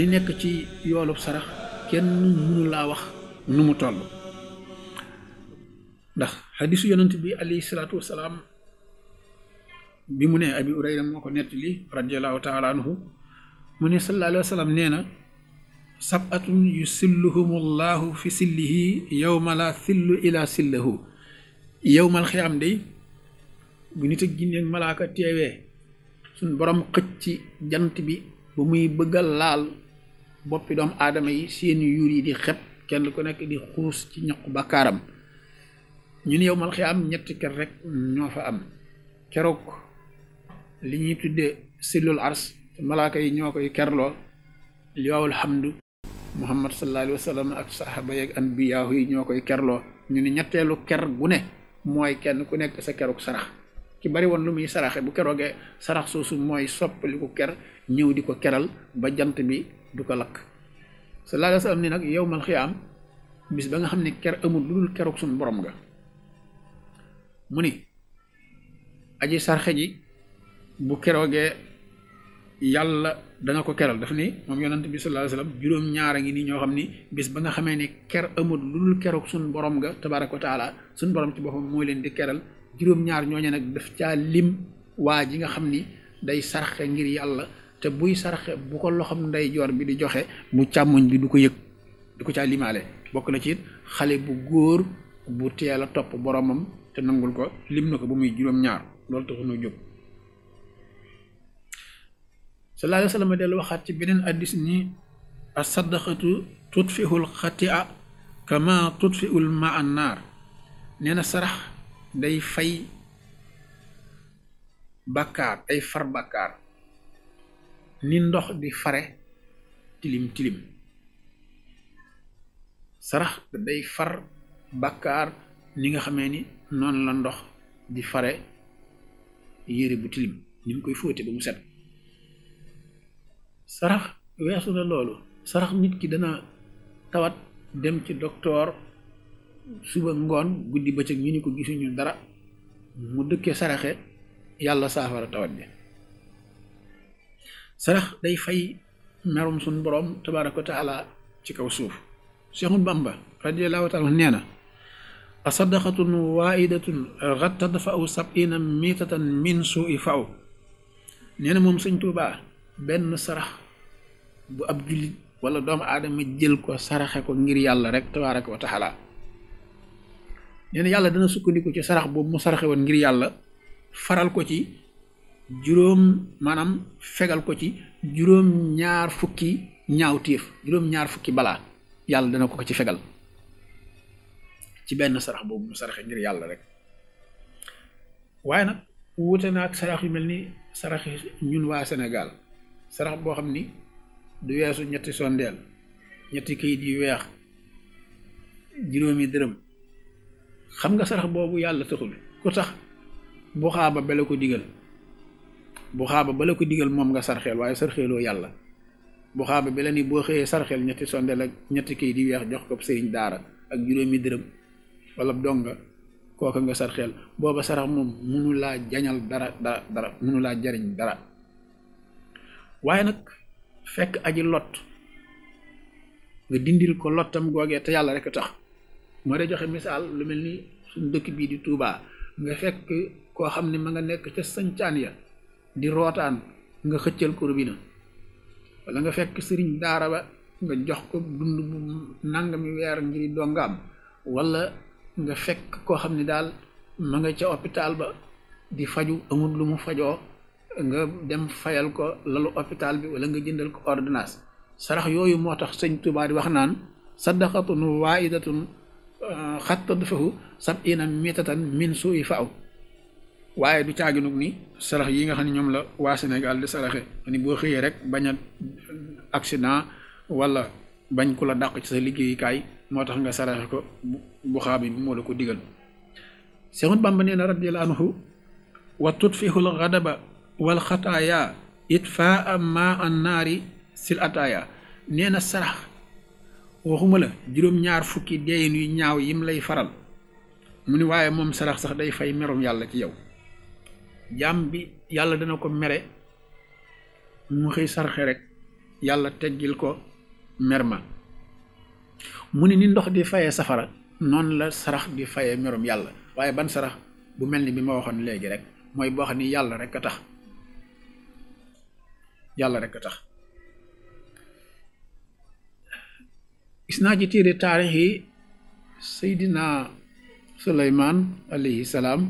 li nekk ci yoolub sarax kenn mënu laa wax nu mu toll ndax xadisu yonent bi alayhi salaatu wasalaam bi mu ne abi urayra moo ko nettali radiallahu taala anhu mu ne sallallahu alayhi nee na sabatun yusilluhumu llahu fi sillihi yowma sillu ila sillahu yowmal xiyaam day bu nit ak jinne malaaka teewee suñ borom xëcc jant bi ba muy bëgga laal boppi doom aadama yi seen yuur yi di xeb kenn ku nekk di xuus ci ñaq bakkaaram ñun yow mal xi am ñetti ker rek ñoo fa am keroog li ñuy tuddee sillul ars malaaka yi ñoo koy kerloo liwaawul hamdu muhammad sallallahu alayhi wa ak sahaba yeeg anbiyaahu yi ñoo koy kerloo ñu ni ñetteelu ker gu ne mooy kenn ku nekk sa keruk sarax ki bari woon lu muy saraxe bu keroogee sarax su mooy soppaliku ker ñëw di ko keral ba jant bi du ko lakk sallallahu alayhi wa sallam ni nag yowmal xiyaam bis ba nga xam ne ker amul lu keroog suñu borom nga mu ni aji sarxe bu keroogee yàlla dana ko keral daf ni moom yonent bi sallallahu alayhi wa sallam nii ñoo xam ni bis ba nga xamee ne ker amul lu dul keroog suñu borom nga tabaaraka wa taala suñu borom ci boppam mooy leen di keral juróom-ñaar ñooñu nag daf ca lim waa ji nga xam ni day sarxe ngir yàlla te buy sarxe bu ko loxom ndeyjoor bi di joxe bu càmmoñ bi du ko yëg du ko caa limaale bokk na ci xale bu góor bu teel a topp boroomam te nangul ko lim na ko ba muy juróom-ñaar loolu taxu nu jóg sallallahu alayhi wa sallam dellu waxaat ci beneen addis ni asadaqatu tutfiul xatia kama tutfiul ma annaar nee sarax day fay bàkkaar day far bàkkaar ni ndox di fare tilim tilim sarax day far bakkaar ni nga xamee ni noon la ndox di fare yére bu tilim ni mu koy fóote ba mu set sarax weesu na loolu sarax nit ki dana tawat dem ci docteur suba ngoon guddi bëccëg ñu ni ko gisuñu dara mu dëkkee saraxe yàlla saafara tawat bi sarax day fay merum suñ borom tabaaraka wa taala ci kaw suuf Seexul Bamba radiyallaahu taala nee na asadaqatun waa'idatun qad tadfa'u sab'iina miitatan min suu'i faw nee na moom Sëñ tuuba benn sarax bu ab jullit wala doomu aadama jël ko saraxe ko ngir yàlla rek tabaaraka wa taala nee yàlla dana sukkandiku ci sarax boobu mu saraxe woon ngir yàlla faral ko ci juróom maanaam fegal ko ci juróom ñaar fukki ñaawteef juróom ñaar fukki balaa yàlla dana ko ko ci fegal ci benn sarax boobu mu saraxe ngir yàlla rek waaye nag wuute na ak sarax yu mel ni sarax ñun waa Sénégal sarax boo xam ni du weesu ñetti sondeel ñetti kayit yu weex juróomi dërëm xam nga sarax boobu yàlla taxul ku tax bu xaaba bala ko diggal bu xaaba bala ko diggal moom nga sarxeel waaye sarxeeloo yàlla bu xaaba bi la ni boo xëyee sarxeel ñetti sondel ak ñetti kii di weex jox ko sëriñ daara ak juróomi dërëm walla donga kooka nga sarxeel booba sarax moom munu laa jañal dara dara dara munu laa jariñ dara waaye nag fekk aji lot nga dindil ko lot lottam googee te yàlla rek tax moo dee joxe misaal lu mel ni suñ dëkk bii di Touba nga fekk koo xam ne ma nga nekk ca sancaan ya di rootaan nga xëccal ko robina wala nga fekk sëriñ daara ba nga jox ko dund bu nangami weer ngir dongaam wala nga fekk koo xam ne daal ma nga ca hôpital ba di faju amul lu mu fajoo nga dem fayal ko lalu hôpital bi wala nga jëndal ko ordonnance sarax yooyu moo tax sëñ Touba di wax naan saddaqatun waa'idatun xat tadfahu sab'ina mitatan min suu'i faaw waaye du caaginug ni sarax yi nga xam ne ñoom la waa Sénégal di saraxe ni boo xëyee rek bañ a accident wala bañ ku la dàq ci sa liggéeyukaay moo tax nga saraxe ko buxaabi bi moo la ko digal Seexul Bamba nee na radiyallahu anhu wa tutfihul ghadaba wal xataaya itfaa ma an naari sil ataaya nee sarax waxuma la juróom-ñaar fukki deyin yu ñaaw yim lay faral mu ni waaye moom sarax sax day fay merom yàlla ci yow jaam bi yàlla dana ko mere mu xëy sarxe rek yàlla teggil ko mer ma mu ni ni ndox di fayee safara noon la sarax di fayee merom yàlla waaye ban sarax bu mel ni bi ma waxoon léegi rek mooy boo xam ni yàlla rekk a tax yàlla rek a tax gis naa ci téere taarix yi Seydina Suleymaan alayhi salaam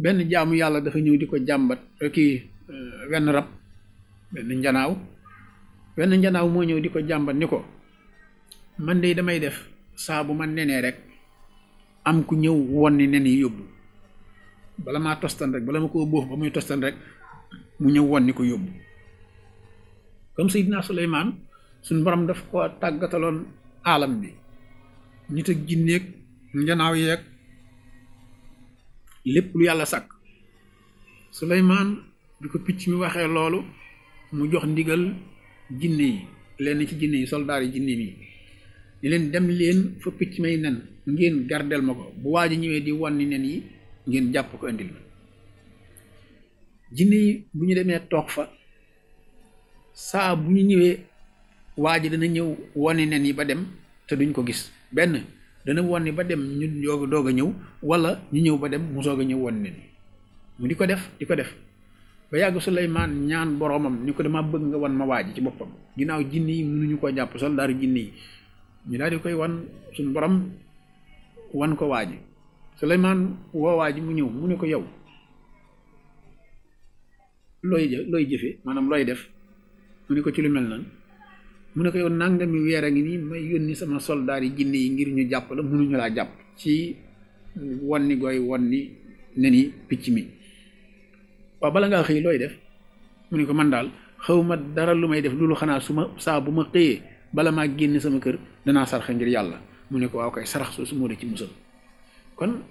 benn jaamu yàlla dafa ñëw di ko jàmbat eh, kii eh, wenn rab benn njanaaw wenn njanaaw moo ñëw di ko jàmbat ni ko man de damay def saabu man ma nenee rek am ku ñëw woon ni nen yi yóbbu bala maa tostan rek bala ma ko bóof ba muy tostan rek mu ñëw woon ni ko yóbbu comme Seydina Suleymaan suñ borom daf ko tàggataloon aalam bi nit ak jinneeg njanaaw yeeg lépp lu yàlla sàkk Suleymaan bi ko picc mi waxee loolu mu jox ndigal jinne yi leen ci jinne yi soldaar yi jinne yi ni leen dem leen fa picc may nen ngeen gardel ma ko bu waaj a ñëwee di wanni nen yi ngeen jàpp ko indil ma jinne yi bu ñu demee toog fa saa bu ñu ñëwee waa ji dana ñëw woni nen yi ba dem te duñ ko gis benn dana wonni ba dem ñu doog a ñëw wala ñu ñëw ba dem mu soog a ñëw woni nen yi mu di ko def di ko def ba yàgg Suleymaan ñaan boroomam ñu ko dama bëgg nga wan ma waa ji ci boppam ginnaaw jinne yi mënuñu koo jàpp soldaaru jinne yi ñu daal di koy wan suñ borom wan ko waa ji Suleymaan woo waa ji mu ñëw mu ne ko yow looy looy jëfe maanaam looy def mu ne ko ci lu mel nan mu ne ko yow nangami weer a ngi nii may yónni sama soldaar yi jinne yi ngir ñu jàpp la mënuñu laa jàpp ci wonni gooy ni ne ni picc mi waaw bala ngaa xëy looy def mu ne ko man daal xaw ma dara lu may def loolu xanaa su ma saa bu ma xëyee bala maa génn sama kër danaa saraxa ngir yàlla mu ne ko waaw kay sarax soosu moo de ci musal kon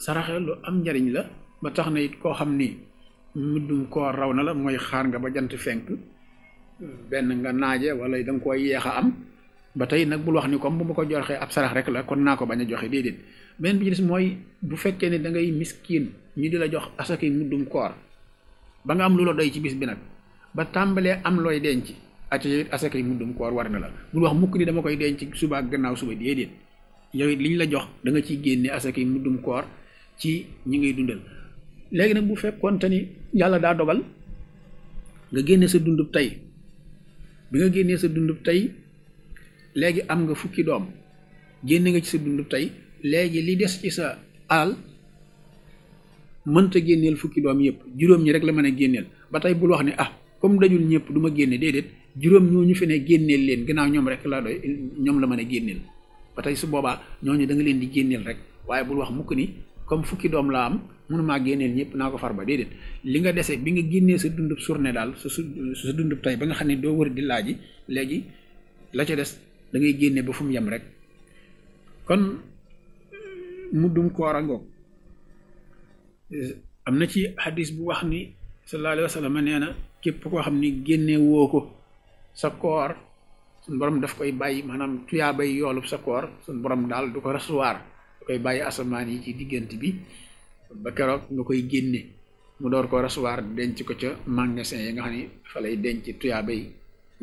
saraxe lu am njariñ la ba tax na it koo xam ni muddum koor raw na la mooy xaar nga ba jant fenk benn nga naaje wala da koo koy a am ba tey nag bul wax ni comme bu ma ko joxee ab sarax rek la kon naa ko bañ a joxe déedéet beneen bi ci des mooy bu fekkee ni dangay ngay miskiin ñu di la jox asaki muddum koor ba nga am lu la ci bis bi ba tàmbalee am looy denc ati yow it asaka yi war na la bul wax mukk ni dama koy denc suba ak gannaaw suba déedéet yow it liñ la jox da nga ciy génne asaka yi muddum koor ci ñi ngay dundal léegi nag bu fekkoonte ni yàlla daa dogal nga génne sa dundub tey bi nga génnee sa dundub tey léegi am nga fukki doom génne nga ci sa dundub tey léegi li des ci sa alal mënta génneel fukki doom yëpp juróom ñi rek la mën a génneel ba tey bul wax ne ah comme dajul ñëpp du ma génne déedéet juróom ñoo ñu fi ne génneel leen gannaaw ñoom rek la doy ñoom la mën a génneel ba tey su boobaa ñooñu da nga leen di génneel rek waaye bul wax mukk ni comme fukki doom laa am mënumaa génneel ñëpp naa ko far ba déedéet li nga dese bi nga génnee sa dundub surne daal sa su sa dundub tey ba nga xam ne doo wër di laaji léegi la ca des da ngay génne ba fu mu yem rek kon muddum koor a ngoog am na ci xadis bu wax ni sa alayhi wa sallam nee na képp koo xam ni génnewoo ko sa koor suñ borom daf koy bàyyi maanaam tuyaabay yoolub sa koor suñ borom daal du ko recevoir koy bàyyi asamaan yi ci diggante bi ba keroog nga koy génne mu door ko recevoir denc ko ca magasin yi nga xam ne fa lay denc tuyaaba yi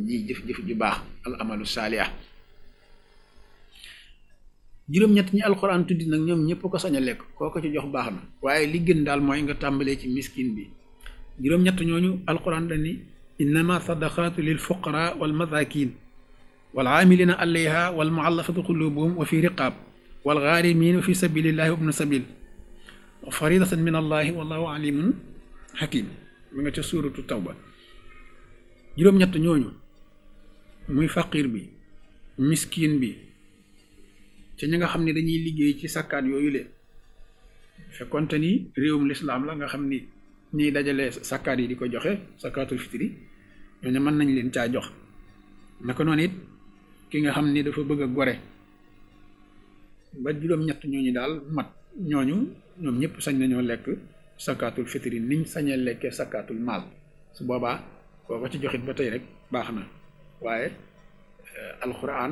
ji jëf-jëf ju baax al amalu saaliya juróom-ñett ñi alxuraan tuddi nag ñoom ñëpp ko sañ lekk koo ko ci jox baax na waaye li gën daal mooy nga tàmbalee ci miskin bi juróom-ñett ñooñu alxuraan dani innama sadaqaatu lil fuqara wal masakin wal aamilina alayha wal muallafati qulubuhum wa fi riqaab walgaarimiina fi sabilillahi wa ibnu sabil faridatan min allahi wallahu alimun hakim mi nga ca suuratu tawba juróom-ñett ñooñu muy faqiir bi miskin bi ci ñi nga xam ni dañuy liggéey ci sàkkaat yooyu le fekkonte ni réewum lislaam la nga xam ni ñuy dajale sàkkaat yi di ko joxe sàkkaatul fitri ñooñu mën nañ leen caa jox ko noonu it ki nga xam ni dafa bëgg a gore ba juróom-ñett ñooñu daal mat ñooñu ñoom ñëpp sañ nañoo lekk sakaatul fitri niñ sañee lekkee sakaatul maal su boobaa koo ko ci joxit ba tey rek baax na waaye eh, alxuraan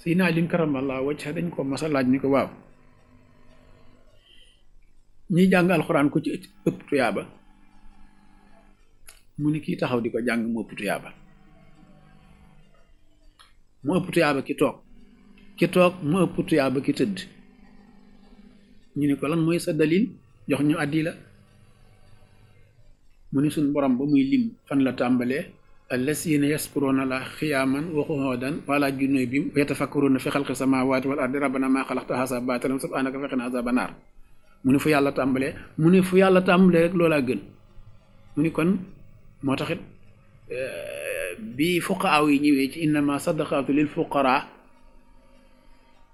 si naa liñ karamallaa wajha dañ ko mas laaj ni ko waaw ñiy jàng alxuraan ko ci ëpp tuyaaba mu ni kii taxaw di ko jàng mu ëpp tuyaaba mu ëpp tuyaaba ki toog ki toog mu ëpp tuyaaba ki tëdd ñu ne mu ni suñ borom ba muy la tàmbalee allazina yaskuroona la xiyaaman wa qu'udan wa ala junubihim wa yatafakkaruuna fi xalqi samaawaati wal ardi rabbana maa mu yàlla tàmbalee mu yàlla tàmbalee rek loolaa kon moo taxit eh, bi fuqaaw yi ñëwee ci innama sadaqaatu lil fuqaraa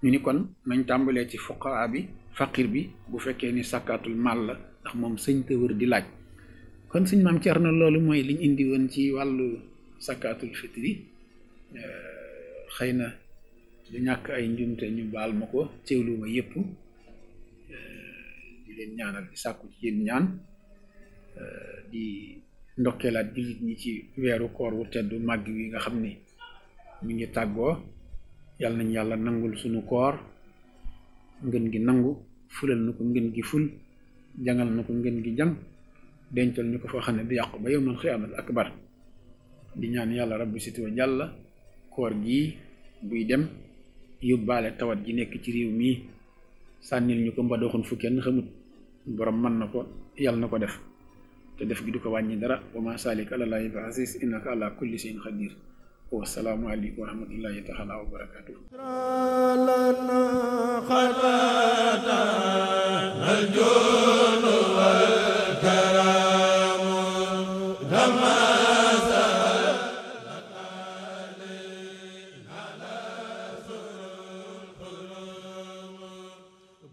ñu ni kon nañ tàmbalee ci fuqaraa bi faqir bi bu fekkee ni sàkkaatul mal la ndax moom sëñ te di laaj kon suñ maam na loolu mooy liñ indi woon ci wàllu sàkkaatul fitri xëy na du ñàkk ay njumte ñu baal ma ko teewlu yépp yëpp di leen ñaanal di sàkku ci yéen ñaan di ndokkeelaat jullit ñi ci weeru koor wu teddu màgg wi nga xam ni mu ngi tàggoo yàlla nañ yàlla nangul sunu koor ngën gi nangu fulal na ko ngën gi ful jangal na ko ngën gi jang dencal ñu ko foo xam ne du yàqu ba yowmal xiyaamal akbar di ñaan yàlla rabbi sitoo jàlla koor gi buy dem yóbbaale tawat ji nekk ci réew mii sànnil ñu ko mbadoxun fu kenn xamut borom mën na ko yàlla na ko def te def gi du ko wàññi dara wa ma saalika alallaahi bi aziz innaka ala kulli shay'in qadir wasalaamu aleykum wa rahmatullahi taala wa barakatuh